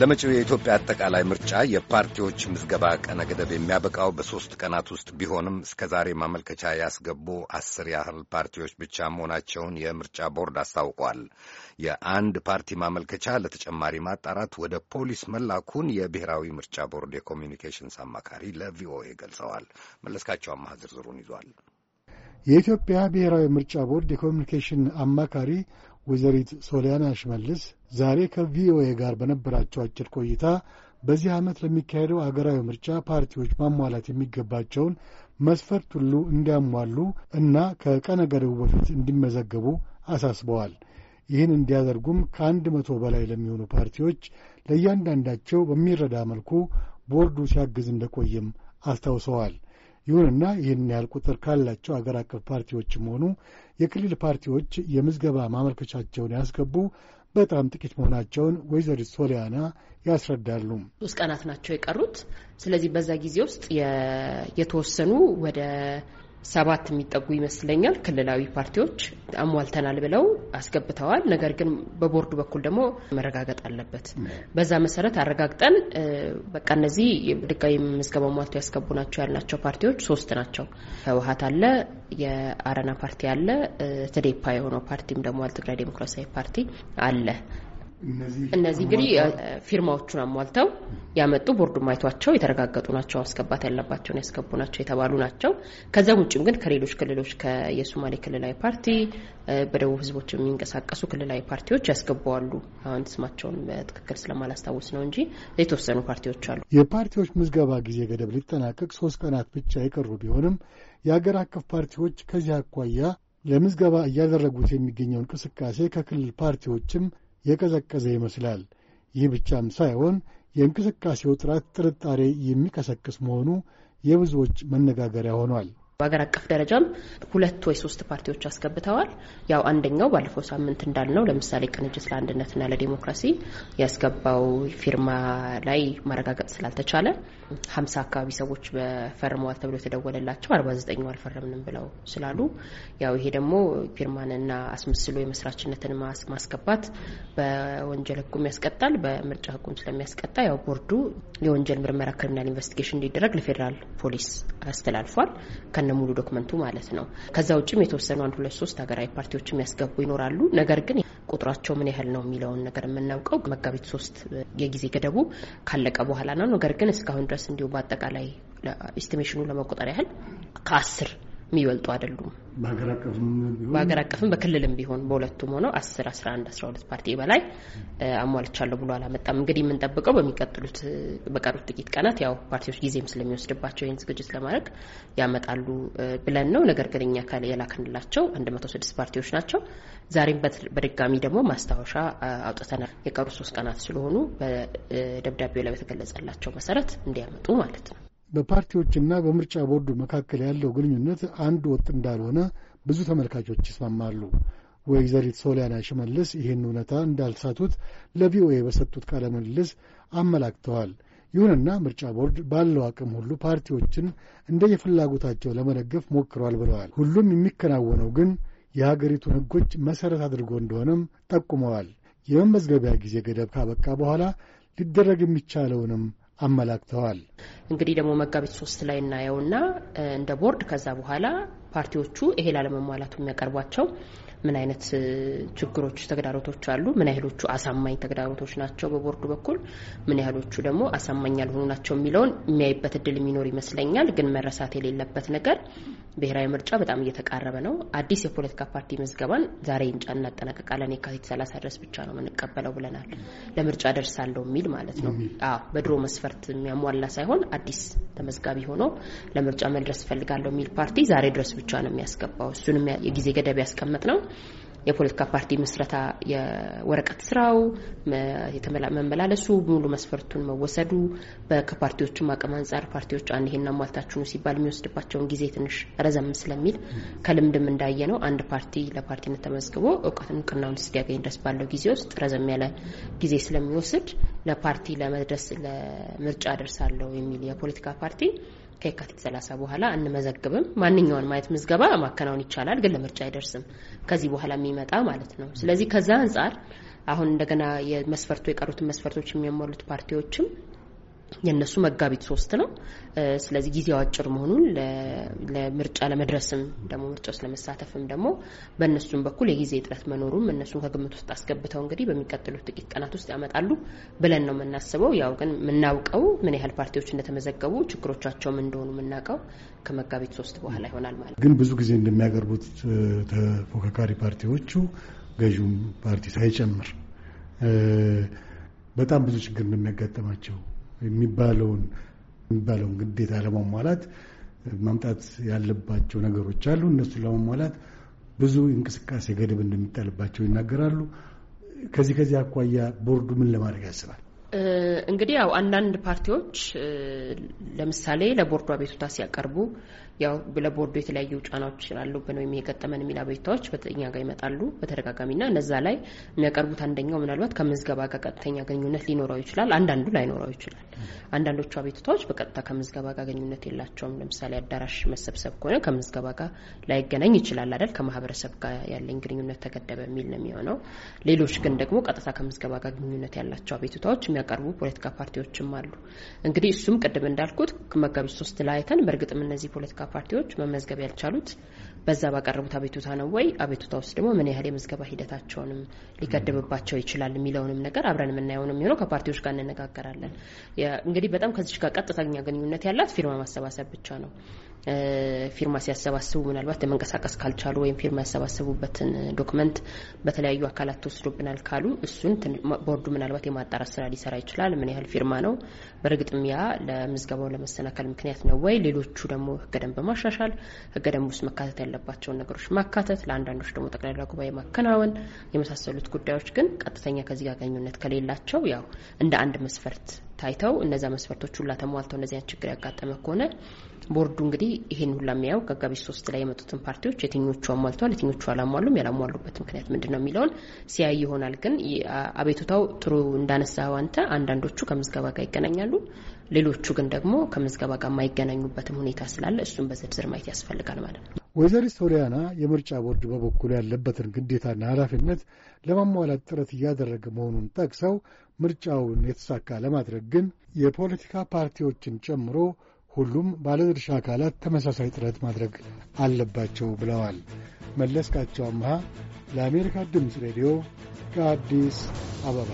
ለመጪው የኢትዮጵያ አጠቃላይ ምርጫ የፓርቲዎች ምዝገባ ቀነ ገደብ የሚያበቃው በሦስት ቀናት ውስጥ ቢሆንም እስከ ዛሬ ማመልከቻ ያስገቡ አስር ያህል ፓርቲዎች ብቻ መሆናቸውን የምርጫ ቦርድ አስታውቋል። የአንድ ፓርቲ ማመልከቻ ለተጨማሪ ማጣራት ወደ ፖሊስ መላኩን የብሔራዊ ምርጫ ቦርድ የኮሚኒኬሽንስ አማካሪ ለቪኦኤ ገልጸዋል። መለስካቸው አማሃ ዝርዝሩን ይዟል። የኢትዮጵያ ብሔራዊ ምርጫ ቦርድ የኮሚኒኬሽን አማካሪ ወይዘሪት ሶሊያና ሽመልስ ዛሬ ከቪኦኤ ጋር በነበራቸው አጭር ቆይታ በዚህ ዓመት ለሚካሄደው አገራዊ ምርጫ ፓርቲዎች ማሟላት የሚገባቸውን መስፈርት ሁሉ እንዲያሟሉ እና ከቀነ ገደቡ በፊት እንዲመዘገቡ አሳስበዋል። ይህን እንዲያደርጉም ከአንድ መቶ በላይ ለሚሆኑ ፓርቲዎች ለእያንዳንዳቸው በሚረዳ መልኩ ቦርዱ ሲያግዝ እንደቆየም አስታውሰዋል። ይሁንና ይህን ያህል ቁጥር ካላቸው አገር አቀፍ ፓርቲዎችም ሆኑ የክልል ፓርቲዎች የምዝገባ ማመልከቻቸውን ያስገቡ በጣም ጥቂት መሆናቸውን ወይዘሪት ሶሊያና ያስረዳሉ። ሶስት ቀናት ናቸው የቀሩት። ስለዚህ በዛ ጊዜ ውስጥ የተወሰኑ ወደ ሰባት የሚጠጉ ይመስለኛል ክልላዊ ፓርቲዎች አሟልተናል ብለው አስገብተዋል። ነገር ግን በቦርዱ በኩል ደግሞ መረጋገጥ አለበት። በዛ መሰረት አረጋግጠን በቃ እነዚህ ድጋሚ ምዝገባ ሟልቶ ያስገቡ ናቸው ያልናቸው ፓርቲዎች ሶስት ናቸው። ህወሀት አለ፣ የአረና ፓርቲ አለ፣ ትዴፓ የሆነው ፓርቲም ደግሞ ትግራይ ዴሞክራሲያዊ ፓርቲ አለ። እነዚህ እንግዲህ ፊርማዎቹን አሟልተው ያመጡ ቦርዱ ማይቷቸው የተረጋገጡ ናቸው። ማስገባት ያለባቸውን ያስገቡ ናቸው የተባሉ ናቸው። ከዚያም ውጭም ግን ከሌሎች ክልሎች ከየሶማሌ ክልላዊ ፓርቲ፣ በደቡብ ህዝቦች የሚንቀሳቀሱ ክልላዊ ፓርቲዎች ያስገቡዋሉ። አሁን ስማቸውን በትክክል ስለማላስታውስ ነው እንጂ የተወሰኑ ፓርቲዎች አሉ። የፓርቲዎች ምዝገባ ጊዜ ገደብ ሊጠናቀቅ ሶስት ቀናት ብቻ የቀሩ ቢሆንም የአገር አቀፍ ፓርቲዎች ከዚህ አኳያ ለምዝገባ እያደረጉት የሚገኘው እንቅስቃሴ ከክልል ፓርቲዎችም የቀዘቀዘ ይመስላል። ይህ ብቻም ሳይሆን የእንቅስቃሴው ጥራት ጥርጣሬ የሚቀሰቅስ መሆኑ የብዙዎች መነጋገሪያ ሆኗል። በሀገር አቀፍ ደረጃም ሁለት ወይ ሶስት ፓርቲዎች አስገብተዋል። ያው አንደኛው ባለፈው ሳምንት እንዳልነው ለምሳሌ ቅንጅት ለአንድነትና ለዲሞክራሲ ያስገባው ፊርማ ላይ ማረጋገጥ ስላልተቻለ ሀምሳ አካባቢ ሰዎች በፈርመዋል ተብሎ የተደወለላቸው አርባ ዘጠኙ አልፈረምንም ብለው ስላሉ ያው ይሄ ደግሞ ፊርማንና አስመስሎ የመስራችነትን ማስገባት በወንጀል ህጉም ያስቀጣል በምርጫ ህጉም ስለሚያስቀጣ ያው ቦርዱ የወንጀል ምርመራ ክሪሚናል ኢንቨስቲጌሽን እንዲደረግ ለፌዴራል ፖሊስ አስተላልፏል። ሙሉ ዶክመንቱ ማለት ነው። ከዛ ውጭም የተወሰኑ አንድ ሁለት ሶስት ሀገራዊ ፓርቲዎችም ያስገቡ ይኖራሉ። ነገር ግን ቁጥራቸው ምን ያህል ነው የሚለውን ነገር የምናውቀው መጋቢት ሶስት የጊዜ ገደቡ ካለቀ በኋላ ነው። ነገር ግን እስካሁን ድረስ እንዲሁ በአጠቃላይ ኢስቲሜሽኑ ለመቆጠር ያህል ከአስር የሚበልጡ አይደሉም። በሀገር አቀፍም በክልልም ቢሆን በሁለቱም ሆነው አስር አስራ አንድ አስራ ሁለት ፓርቲ በላይ አሟልቻለሁ ብሎ አላመጣም። እንግዲህ የምንጠብቀው በሚቀጥሉት በቀሩት ጥቂት ቀናት ያው ፓርቲዎች ጊዜም ስለሚወስድባቸው ይህን ዝግጅት ለማድረግ ያመጣሉ ብለን ነው። ነገር ግን እኛ የላክንላቸው አንድ መቶ ስድስት ፓርቲዎች ናቸው። ዛሬም በድጋሚ ደግሞ ማስታወሻ አውጥተናል። የቀሩ ሶስት ቀናት ስለሆኑ በደብዳቤው ላይ በተገለጸላቸው መሰረት እንዲያመጡ ማለት ነው። በፓርቲዎችና በምርጫ ቦርዱ መካከል ያለው ግንኙነት አንድ ወጥ እንዳልሆነ ብዙ ተመልካቾች ይስማማሉ። ወይዘሪት ሶሊያና ሽመልስ ይህን እውነታ እንዳልሳቱት ለቪኦኤ በሰጡት ቃለ ምልልስ አመላክተዋል። ይሁንና ምርጫ ቦርድ ባለው አቅም ሁሉ ፓርቲዎችን እንደየፍላጎታቸው ለመደገፍ ሞክሯል ብለዋል። ሁሉም የሚከናወነው ግን የሀገሪቱን ሕጎች መሠረት አድርጎ እንደሆነም ጠቁመዋል። የመመዝገቢያ ጊዜ ገደብ ካበቃ በኋላ ሊደረግ የሚቻለውንም አመላክተዋል። እንግዲህ ደግሞ መጋቢት ሶስት ላይ እናየውና እንደ ቦርድ ከዛ በኋላ ፓርቲዎቹ ይሄ ላለመሟላቱ የሚያቀርቧቸው ምን አይነት ችግሮች፣ ተግዳሮቶች አሉ፣ ምን ያህሎቹ አሳማኝ ተግዳሮቶች ናቸው በቦርዱ በኩል ምን ያህሎቹ ደግሞ አሳማኝ ያልሆኑ ናቸው የሚለውን የሚያይበት እድል የሚኖር ይመስለኛል። ግን መረሳት የሌለበት ነገር ብሔራዊ ምርጫ በጣም እየተቃረበ ነው። አዲስ የፖለቲካ ፓርቲ መዝገባን ዛሬ እንጫ እናጠናቀቃለን የካቲት ሰላሳ ድረስ ብቻ ነው የምንቀበለው ብለናል። ለምርጫ ደርሳለሁ የሚል ማለት ነው። በድሮ መስፈርት የሚያሟላ ሳይሆን አዲስ ተመዝጋቢ ሆኖ ለምርጫ መድረስ ፈልጋለሁ የሚል ፓርቲ ዛሬ ድረስ ብቻ ነው የሚያስገባው። እሱንም የጊዜ ገደብ ያስቀመጥ ነው የፖለቲካ ፓርቲ ምስረታ የወረቀት ስራው መመላለሱ ሙሉ መስፈርቱን መወሰዱ ከፓርቲዎቹም አቅም አንጻር ፓርቲዎች አንድ ይሄን አሟልታችሁ ሲባል የሚወስድባቸውን ጊዜ ትንሽ ረዘም ስለሚል ከልምድም እንዳየ ነው አንድ ፓርቲ ለፓርቲነት ተመዝግቦ እውቀትን እውቅናውን እስኪያገኝ ድረስ ባለው ጊዜ ውስጥ ረዘም ያለ ጊዜ ስለሚወስድ ለፓርቲ ለመድረስ ለምርጫ ደርሳለሁ የሚል የፖለቲካ ፓርቲ ከየካቲት 30 በኋላ አንመዘግብም። ማንኛውንም አይነት ምዝገባ ማከናወን ይቻላል፣ ግን ለምርጫ አይደርስም ከዚህ በኋላ የሚመጣ ማለት ነው። ስለዚህ ከዛ አንጻር አሁን እንደገና የመስፈርቱ የቀሩትን መስፈርቶች የሚያሟሉት ፓርቲዎችም የእነሱ መጋቢት ሶስት ነው። ስለዚህ ጊዜው አጭር መሆኑን ለምርጫ ለመድረስም ደግሞ ምርጫ ውስጥ ለመሳተፍም ደግሞ በእነሱም በኩል የጊዜ እጥረት መኖሩም እነሱን ከግምት ውስጥ አስገብተው እንግዲህ በሚቀጥሉት ጥቂት ቀናት ውስጥ ያመጣሉ ብለን ነው የምናስበው። ያው ግን የምናውቀው ምን ያህል ፓርቲዎች እንደተመዘገቡ ችግሮቻቸውም እንደሆኑ የምናውቀው ከመጋቢት ሶስት በኋላ ይሆናል ማለት ግን ብዙ ጊዜ እንደሚያቀርቡት ተፎካካሪ ፓርቲዎቹ ገዥውም ፓርቲ ሳይጨምር በጣም ብዙ ችግር እንደሚያጋጥማቸው የሚባለውን የሚባለውን ግዴታ ለማሟላት ማምጣት ያለባቸው ነገሮች አሉ። እነሱን ለማሟላት ብዙ እንቅስቃሴ ገደብ እንደሚጣልባቸው ይናገራሉ። ከዚህ ከዚህ አኳያ ቦርዱ ምን ለማድረግ ያስባል? እንግዲህ ያው አንዳንድ ፓርቲዎች ለምሳሌ ለቦርዱ አቤቱታ ሲያቀርቡ ያው ለቦርዱ የተለያዩ ጫናዎች አሉብን ወይም የገጠመን የሚል አቤቱታዎች በኛ ጋር ይመጣሉ በተደጋጋሚና እነዛ ላይ የሚያቀርቡት አንደኛው ምናልባት ከምዝገባ ጋር ቀጥተኛ ግንኙነት ሊኖረው ይችላል። አንዳንዱ ላይኖረው ይችላል። አንዳንዶቹ አቤቱታዎች በቀጥታ ከምዝገባ ጋር ግንኙነት የላቸውም። ለምሳሌ አዳራሽ መሰብሰብ ከሆነ ከምዝገባ ጋር ላይገናኝ ይችላል አይደል? ከማህበረሰብ ጋር ያለኝ ግንኙነት ተገደበ የሚል ነው የሚሆነው። ሌሎች ግን ደግሞ ቀጥታ ከምዝገባ ጋር ግንኙነት ያላቸው አቤቱታዎች የሚያቀርቡ ፖለቲካ ፓርቲዎችም አሉ። እንግዲህ እሱም ቅድም እንዳልኩት መጋቢት ሶስት ላይ አይተን በእርግጥም እነዚህ ፖለቲካ ፓርቲዎች መመዝገብ ያልቻሉት በዛ ባቀረቡት አቤቱታ ነው ወይ፣ አቤቱታ ውስጥ ደግሞ ምን ያህል የምዝገባ ሂደታቸውንም ሊገድብባቸው ይችላል የሚለውንም ነገር አብረን የምናየው ነው የሚሆነው። ከፓርቲዎች ጋር እንነጋገራለን። እንግዲህ በጣም ከዚች ጋር ቀጥተኛ ግንኙነት ያላት ፊርማ ማሰባሰብ ብቻ ነው። ፊርማ ሲያሰባስቡ ምናልባት ለመንቀሳቀስ ካልቻሉ ወይም ፊርማ ያሰባስቡበትን ዶክመንት በተለያዩ አካላት ተወስዶብናል ካሉ እሱን ቦርዱ ምናልባት የማጣራት ስራ ሊሰራ ይችላል። ምን ያህል ፊርማ ነው? በእርግጥም ያ ለምዝገባው ለመሰናከል ምክንያት ነው ወይ? ሌሎቹ ደግሞ ህገ ደንብ ማሻሻል፣ ህገ ደንብ ውስጥ መካተት ያለባቸውን ነገሮች ማካተት፣ ለአንዳንዶች ደግሞ ጠቅላላ ጉባኤ ማከናወን የመሳሰሉት ጉዳዮች ግን ቀጥተኛ ከዚህ ጋር ግንኙነት ከሌላቸው ያው እንደ አንድ መስፈርት ታይተው እነዚ መስፈርቶች ሁላ ተሟልተው እነዚያን ችግር ያጋጠመ ከሆነ ቦርዱ እንግዲህ ይህን ሁላ የሚያየው ከጋቢት ሶስት ላይ የመጡትን ፓርቲዎች የትኞቹ አሟልተዋል፣ የትኞቹ አላሟሉም፣ ያላሟሉበት ምክንያት ምንድን ነው የሚለውን ሲያይ ይሆናል። ግን አቤቱታው ጥሩ እንዳነሳ አንተ አንዳንዶቹ ከምዝገባ ጋር ይገናኛሉ፣ ሌሎቹ ግን ደግሞ ከምዝገባ ጋር የማይገናኙበትም ሁኔታ ስላለ እሱን በዝርዝር ማየት ያስፈልጋል ማለት ነው። ወይዘሪት ሶሊያና የምርጫ ቦርድ በበኩሉ ያለበትን ግዴታና ኃላፊነት ለማሟላት ጥረት እያደረገ መሆኑን ጠቅሰው ምርጫውን የተሳካ ለማድረግ ግን የፖለቲካ ፓርቲዎችን ጨምሮ ሁሉም ባለድርሻ አካላት ተመሳሳይ ጥረት ማድረግ አለባቸው ብለዋል። መለስካቸው አምሃ ለአሜሪካ ድምፅ ሬዲዮ ከአዲስ አበባ